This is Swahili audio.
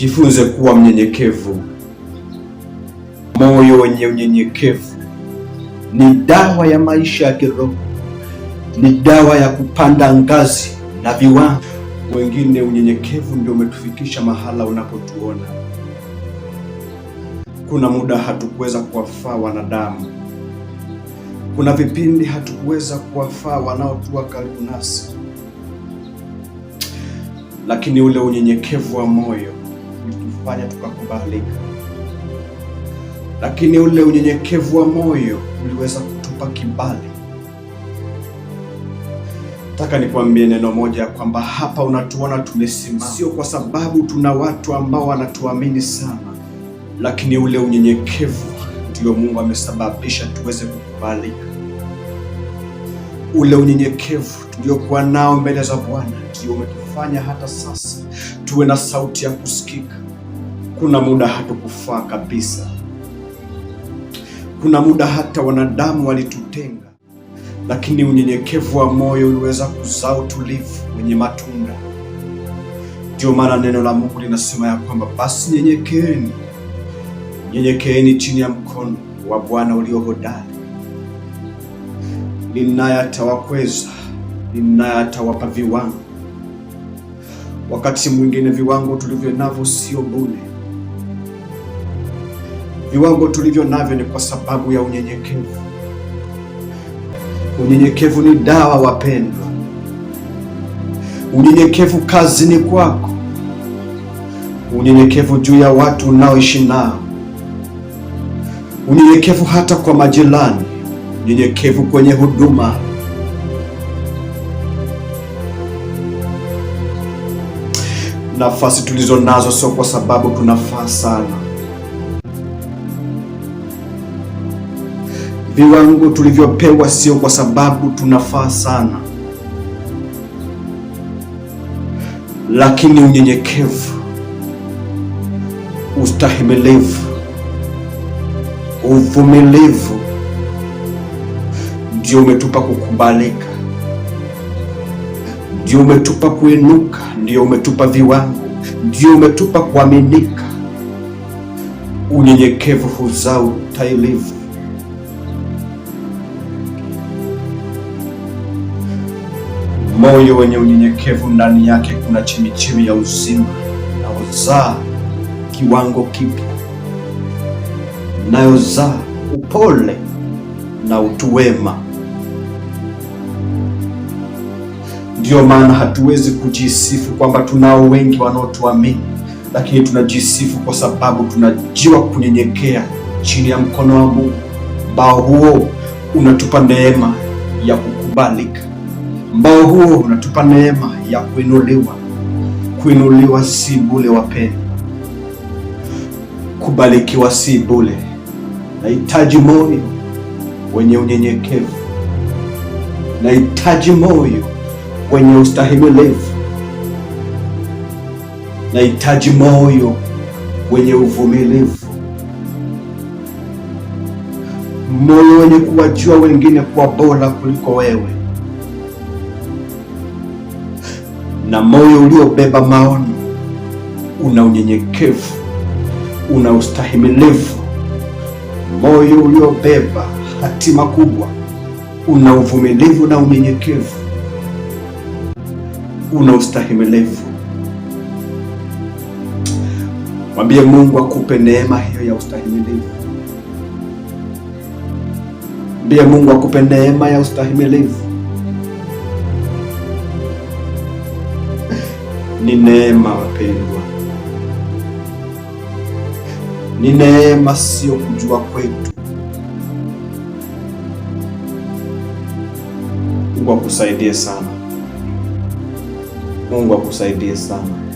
jifunze kuwa mnyenyekevu. Moyo wenye unyenyekevu ni dawa ya maisha ya kiroho, ni dawa ya kupanda ngazi na viwango. Wengine unyenyekevu ndio umetufikisha mahala unapotuona. Kuna muda hatukuweza kuwafaa wanadamu, kuna vipindi hatukuweza kuwafaa wanaotua karibu nasi, lakini ule unyenyekevu wa moyo kutufanya tukakubalika, lakini ule unyenyekevu wa moyo uliweza kutupa kibali. Nataka nikwambie neno moja kwamba hapa unatuona tumesimama, sio kwa sababu tuna watu ambao wanatuamini sana, lakini ule unyenyekevu ndio Mungu amesababisha tuweze kukubalika. Ule unyenyekevu tuliokuwa nao mbele za Bwana ndio umetufanya hata sasa tuwe na sauti ya kusikika. Kuna muda hatukufaa kabisa. Kuna muda hata wanadamu walitutenga, lakini unyenyekevu wa moyo uliweza kuzaa utulivu wenye matunda. Ndio maana neno la Mungu linasema ya kwamba basi nyenyekeeni, nyenyekeeni chini ya mkono wa Bwana ulio hodari, ninaye atawakweza, ninaye atawapa viwango. Wakati mwingine viwango tulivyo navyo sio bure Viwango tulivyo navyo ni kwa sababu ya unyenyekevu. Unyenyekevu ni dawa, wapendwa. Unyenyekevu kazini kwako, unyenyekevu juu ya watu unaoishi nao, unyenyekevu hata kwa majirani, unyenyekevu kwenye huduma. Nafasi tulizo nazo sio kwa sababu tunafaa sana Viwango tulivyopewa sio kwa sababu tunafaa sana, lakini unyenyekevu, ustahimilivu, uvumilivu ndio umetupa kukubalika, ndio umetupa kuinuka, ndio umetupa viwango, ndio umetupa kuaminika. Unyenyekevu huzaa utailivu. Moyo wenye unyenyekevu ndani yake kuna chemichemi ya uzima inayozaa kiwango kipya, inayozaa upole na utu wema. Ndiyo maana hatuwezi kujisifu kwamba tunao wengi wanaotuamini, lakini tunajisifu kwa sababu tunajua kunyenyekea chini ya mkono wa Mungu ambao huo unatupa neema ya kukubalika. Mbao huo unatupa neema ya kuinuliwa, kuinuliwa si wa wapendwa, kubarikiwa si bule Nahitaji moyo wenye unyenyekevu, nahitaji moyo wenye ustahimilivu, nahitaji moyo wenye uvumilivu, moyo wenye kuwajua wengine kuwa bora kuliko wewe na moyo uliobeba maono, una unyenyekevu, una ustahimilivu, moyo uliobeba hatima kubwa, una uvumilivu na unyenyekevu, una ustahimilivu. Mwambie Mungu akupe neema hiyo ya ustahimilivu. Mwambie Mungu akupe neema ya ustahimilivu. Ni neema wapendwa, ni neema, sio kujua kwetu. Mungu akusaidie sana, Mungu akusaidie sana.